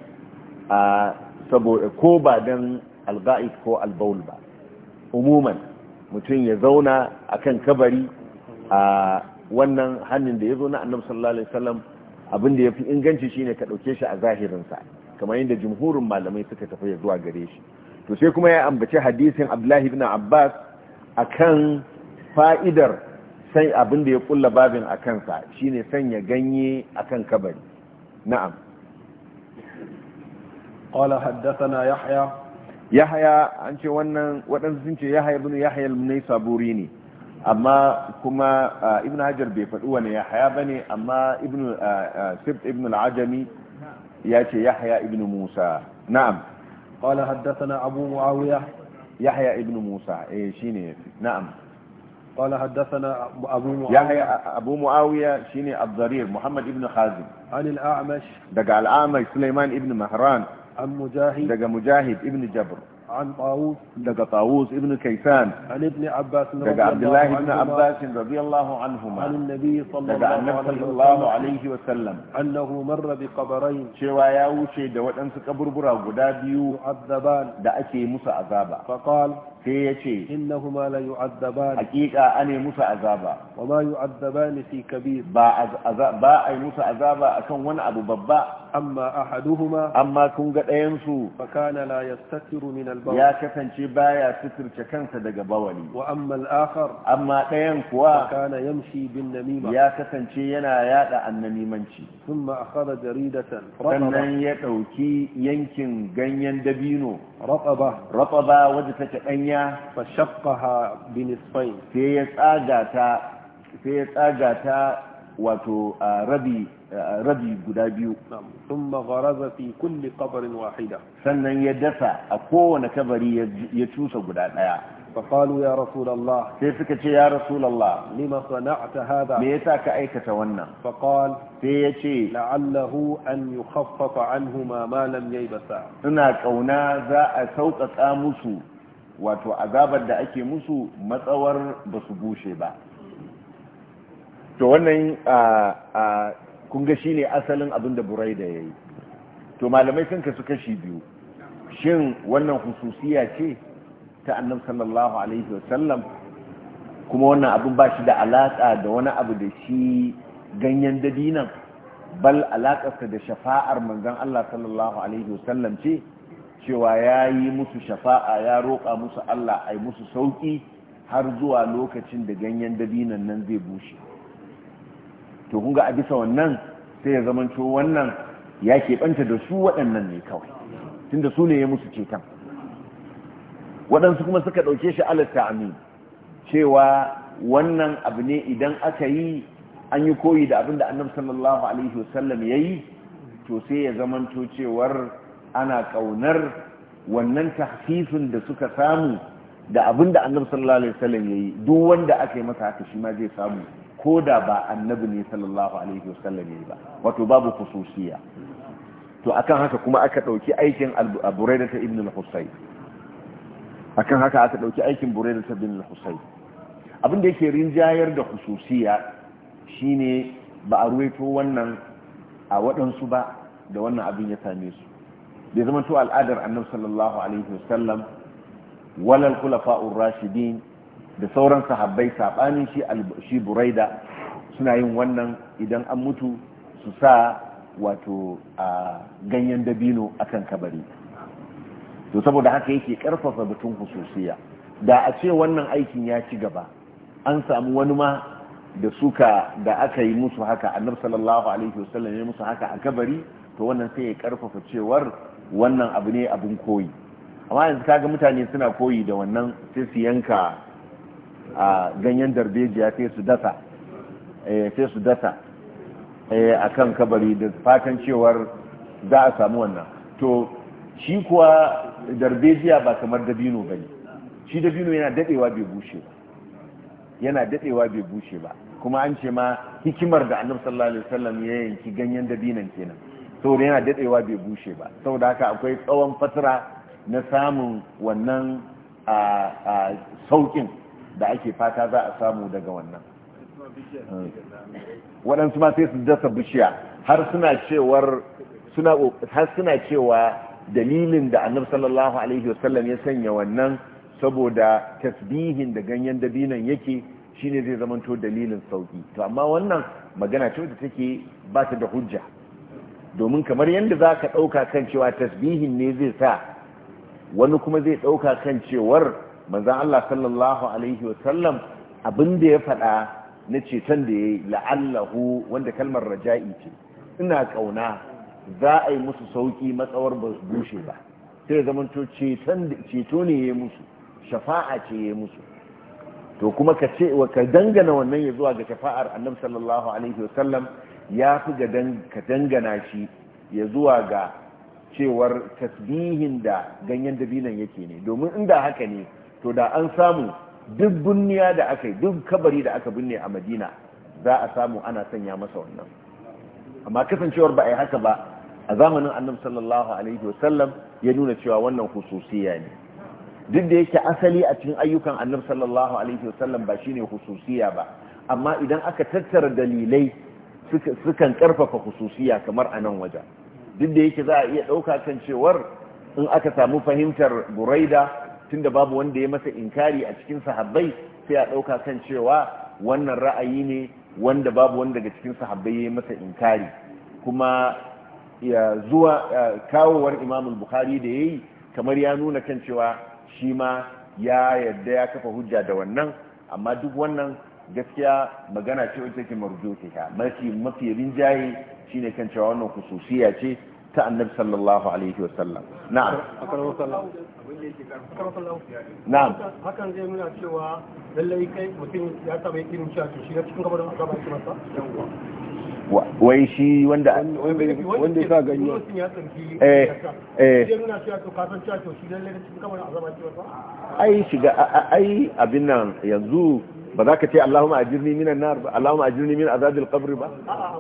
saboda ko ba dan alga'id ko albaul ba umuman mutum ya zauna akan kabari a wannan hannun da ya zo na annabi sallallahu alaihi wasallam abin da yafi inganci shine ka dauke shi a zahirinsa. kamar yadda jumhurin malamai suka tafi zuwa gare shi to sai kuma ya ambaci hadisin abdullahi ibn abbas akan fa'idar san abin da ya kulla babin a kansa shine sanya ganye akan kabari na'am qala haddathana yahya yahya an ce wannan waɗansu sun ce yahya ibn yahya al-naisaburi ne amma kuma uh, ibn hajar bai faɗi wani yahya bane amma ibn uh, uh, sibt ibn al-ajami ياتي يحيى ابن موسى نعم قال حدثنا أبو معاوية يحيى ابن موسى إيه شيني نعم قال حدثنا أبو معاوية يحيى أبو معاوية شيني الضرير محمد ابن خازم عن الأعمش دقى الأعمش سليمان ابن مهران عن مجاهد دقى مجاهد ابن جبر عن طاووس دقى طاووس ابن كيسان عن ابن عباس دقى عبد الله بن عباس رضي الله عنهما عن النبي صلى الله, عليه, الله عليه وسلم أنه مر بقبرين شوى ياوشي دوات أنس كبربرا قدابيو يعذبان دأتي موسى عذابا فقال sai ya ce Inna innahuma la yu'addaban hakika ane musu azaba wa ma yu'addaban fi kabir ba a yi musu azaba a kan wani abu babba amma a ahaduhuma amma kun ga ɗayan su fa kana la yastatiru min al ya kasance baya suturce kansa daga bawali wa amma al amma ɗayan kuwa kana yamshi bin namima ya kasance yana yada annamimanci thumma akhadha jaridatan sannan ya ɗauki yankin ganyen dabino رطبة رطبة وجدت أنيا فشقها بنصفين في يتآجاتا في يتآجاتا wato rabi rabi guda biyu sun magharaza fi kulli kabarin wahida sannan ya dasa a kowane kabari ya cusa guda daya فقالوا يا رسول الله كيفك يا رسول الله لما صنعت هذا ليتاك أيك تونا فقال سيتي لعله أن يخفف عنهما ما لم ييبسا هنا كونا ذا سوق أمسو wato azabar da ake musu matsawar ba su bushe ba to wannan kunga shi ne asalin abin da burai da to malamai sun kasu kashi biyu shin wannan hususiyya ce ta annabi sallallahu alaihi wasallam kuma wannan abun ba shi da alaƙa da wani abu da shi ganyen dadinan bal alakarsa da shafa'ar manzon Allah sallallahu alaihi wasallam ce cewa yayi musu shafa'a ya roƙa musu Allah a musu sauki har zuwa lokacin da ganyen dadinan nan zai bushe to kunga a bisa wannan sai ya zamanto wannan ya keɓanta da su waɗannan ne kawai tunda su ne ya musu ceton waɗansu kuma suka ɗauke shi ala ami cewa wannan abu ne idan aka yi an yi koyi da abin da annabi sallallahu alaihi wasallam ya yi to sai ya zamanto cewar ana ƙaunar wannan tahfifin da suka samu da abin da annabi sallallahu alaihi wasallam ya yi duk wanda aka yi masa haka shi ma zai samu ko da ba annabi ne sallallahu alaihi wasallam ya yi ba wato babu khususiya to akan haka kuma aka ɗauki aikin al-buraida ta ibn al-husayn akan haka aka dauki aikin buraida ta bin husayn abin da yake rinjayar da hususiya shine ba a ruwaito wannan a waɗansu ba da wannan abin ya same su bai zama to al'adar annabi sallallahu alaihi wasallam walal khulafa'ur rashidin da sauran sahabbai sabanin shi shi buraida suna yin wannan idan an mutu su sa wato a ganyen dabino akan kabari to saboda haka yake karfafa batun hususiya da a ce wannan aikin ya ci gaba an samu wani ma da suka da aka yi musu haka annab sallallahu alaihi wasallam ya musu haka a kabari to wannan sai ya karfafa cewar wannan abu ne abun koyi amma yanzu kaga mutane suna koyi da wannan sai su yanka a ganyen darbejiya sai su dasa eh, sai su dasa eh, a kan kabari da fatan cewar za a samu wannan to shi kuwa darbejiya ba kamar dabino ba ne shi dabino yana dadewa bai bushe ba yana dadewa bai bushe ba kuma an ce ma hikimar da annabi sallallahu alaihi wasallam ya yanki ganyen dabinan kenan saboda yana dadewa bai bushe ba saboda haka akwai tsawon fatara na samun wannan a saukin da ake fata za a samu daga wannan hmm. waɗansu ma sai su dasa bishiya har suna cewa dalilin da annabi sallallahu alaihi wasallam ya sanya wannan saboda tasbihin da ganyen dabinan yake shine zai zamanto dalilin sauki to amma wannan magana ce da take ba ta da hujja domin kamar yadda za ka ɗauka kan cewa tasbihin ne zai sa wani kuma zai ɗauka kan cewar manzan Allah sallallahu Alaihi wasallam abin da ya faɗa na ceton da ya yi la'allahu wanda kalmar raja'i ce ina ƙauna za a yi musu sauki matsawar ba bushe ba sai zaman ceto ne ya musu shafa'a ce ya musu to kuma ka ce wa ka dangana wannan ya zuwa ga shafa'ar annabi sallallahu alaihi wasallam ya fi ga ka dangana shi ya zuwa ga cewar tasbihin da ganyen dabinan yake ne domin inda haka ne to da an samu duk binniya da aka yi duk kabari da aka binne a madina za a samu ana sanya masa wannan amma kasancewar ba a yi haka ba a zamanin annabi sallallahu alaihi wasallam ya nuna cewa wannan hususiya ne duk da yake asali a cikin ayyukan annab sallallahu alaihi wasallam ba shine hususiya ba amma idan aka tattara dalilai sukan karfafa hususiya kamar a nan waje duk da yake za a iya ɗauka kan cewar in aka samu fahimtar buraida tunda babu wanda ya masa inkari a cikin sahabbai sai a ɗauka kan cewa wannan ra'ayi ne wanda babu wanda daga cikin sahabbai ya masa inkari kuma ya zuwa kawowar imamul bukhari da ya yi kamar ya nuna kan cewa shi ma ya yadda ya kafa hujja da wannan amma duk wannan gaskiya magana ce wacce take marjuhiha mafi mafi rinjaye shine kan cewa wannan kususiya ce ta annabi sallallahu alaihi wasallam na'am na'am hakan zai nuna cewa lallai kai mutum ya saba yin cewa to cikin gaban da aka ba shi masa wai shi wanda wanda ya gani eh eh ai shiga ai abin nan yanzu ba za ka ce Allahumma ajirni minan nar ba Allahumma ajirni min azabil qabr ba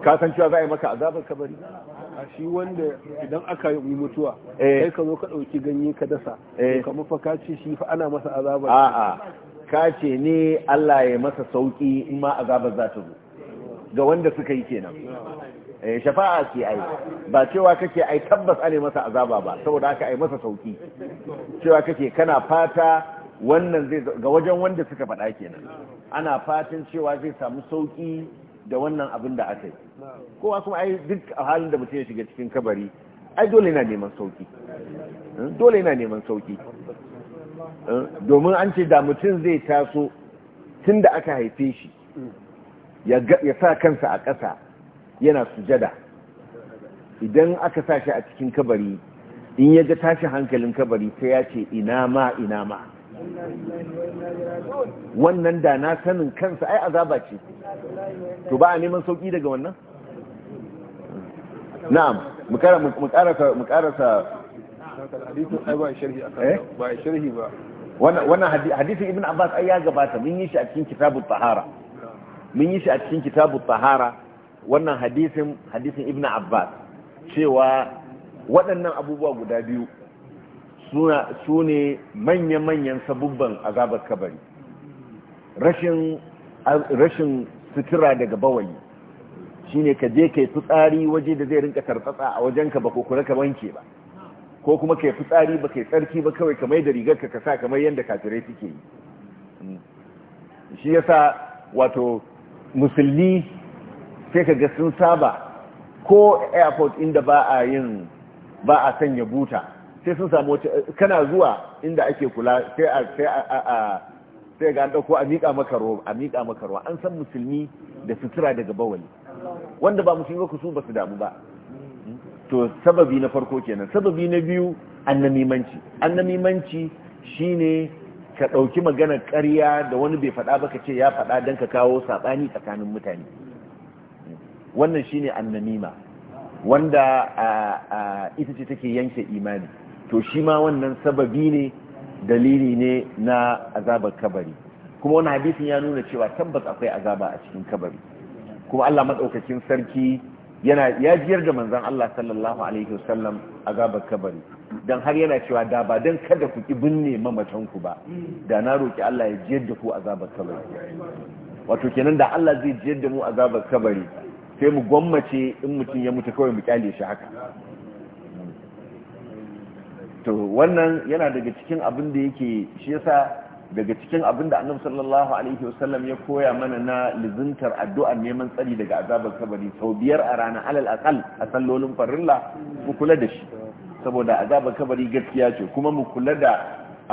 ka san cewa za a yi maka azabar kabari a shi wanda idan aka yi mutuwa sai eh. ka zo ka dauki ganye ka dasa eh. ka mufa ka ce shi fa ana masa azaba a'a ka ce ne Allah ya masa sauki in ma azabar za ta zo ga wanda suka yi kenan eh, shafa'a ke ai ba cewa kake ai tabbas ane masa azaba ba saboda aka ai masa sauki cewa kake kana fata wannan zai ga wajen wanda suka faɗa kenan ana fatan cewa zai samu sauki da wannan abin da aka yi kowa kuma ai duk a halin da mutum ya shiga cikin kabari ai dole yana neman sauki hmm? dole yana neman sauki hmm? domin an ce da mutum zai taso tun da aka haife shi ya sa kansa a ƙasa yana sujada idan aka sa shi a cikin kabari in ya ga tashi hankalin kabari sai ya ce ina ma ina ma wannan da na sanin kansa ai azaba ce to ba a neman sauki daga wannan na'am mu karasa mu karasa eh? wannan hadisin ibn abbas ai ya gabata mun yi shi a cikin kitabut tahara mun yi shi a cikin kitabu tahara wannan hadisin hadisin ibn abbas cewa waɗannan abubuwa guda biyu su ne manya-manyan sabubban azabar kabari rashin sutura daga bawali ne ka je kai fitsari waje da zai rinka tarfatsa a wajenka ba ko ka wanke ba ko kuma kai fitsari ba kai tsarki ba kawai mai da rigar ka sa kamar yadda kafirai suke yi hmm. shi yasa wato musulmi sai ka ga sun saba ko airport inda ba a yin ba a sanya buta sai sun samu kana zuwa inda ake kula sai a sai a sai ga an dauko a mika maka ro a mika maka ro an san musulmi da sutura daga bawali wanda ba musulmi ku su ba su damu ba to sababi na farko kenan sababi na biyu annamimanci annamimanci shine ka ɗauki maganar ƙarya da wani bai faɗa ba ka ce ya faɗa don ka kawo saɓani tsakanin mutane wannan shi ne annamima wanda ita ce take yanke imani to shi ma wannan sababi ne dalili ne na azabar kabari kuma wani hadisin ya nuna cewa tabbas akwai azaba a cikin kabari kuma Allah maɗaukacin sarki yana ya jiyar da manzan Allah sallallahu alaihi wasallam a gabar kabari don har yana cewa da ba don kada ku ki binne mamatanku ba da na roƙi Allah ya jiyar da ku a gabar kabari wato kenan da Allah zai jiyar da mu a gabar kabari sai mu gwammace in mutum ya mutu kawai mu kyale shi haka to wannan yana daga cikin abin da yake shi yasa daga cikin abin da annabi sallallahu alaihi wasallam ya koya mana na lizintar addu'a neman tsari daga azabar kabari sau biyar a rana alal akal a sallolin farilla mu kula da shi saboda azabar kabari gaskiya ce kuma mu kula da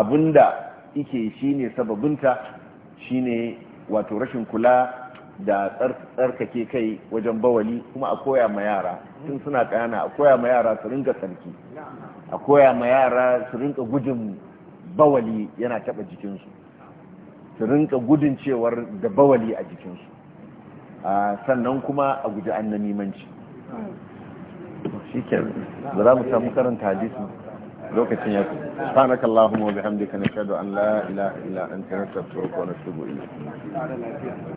abin da yake shine sababinta shine wato rashin kula da tsarkake kai wajen bawali kuma a koya ma yara tun suna kana a koya ma yara su rinka tsarki a koya ma yara su rinka gudun bawali yana taba jikinsu su rinka gudun cewar da bawali a jikinsu sannan kuma a guji an namimanci shi ke za mu samu karanta hadisi lokacin ya fi sanaka Allahumma bihamdika nashhadu an la ilaha illa anta nastaghfiruka wa natubu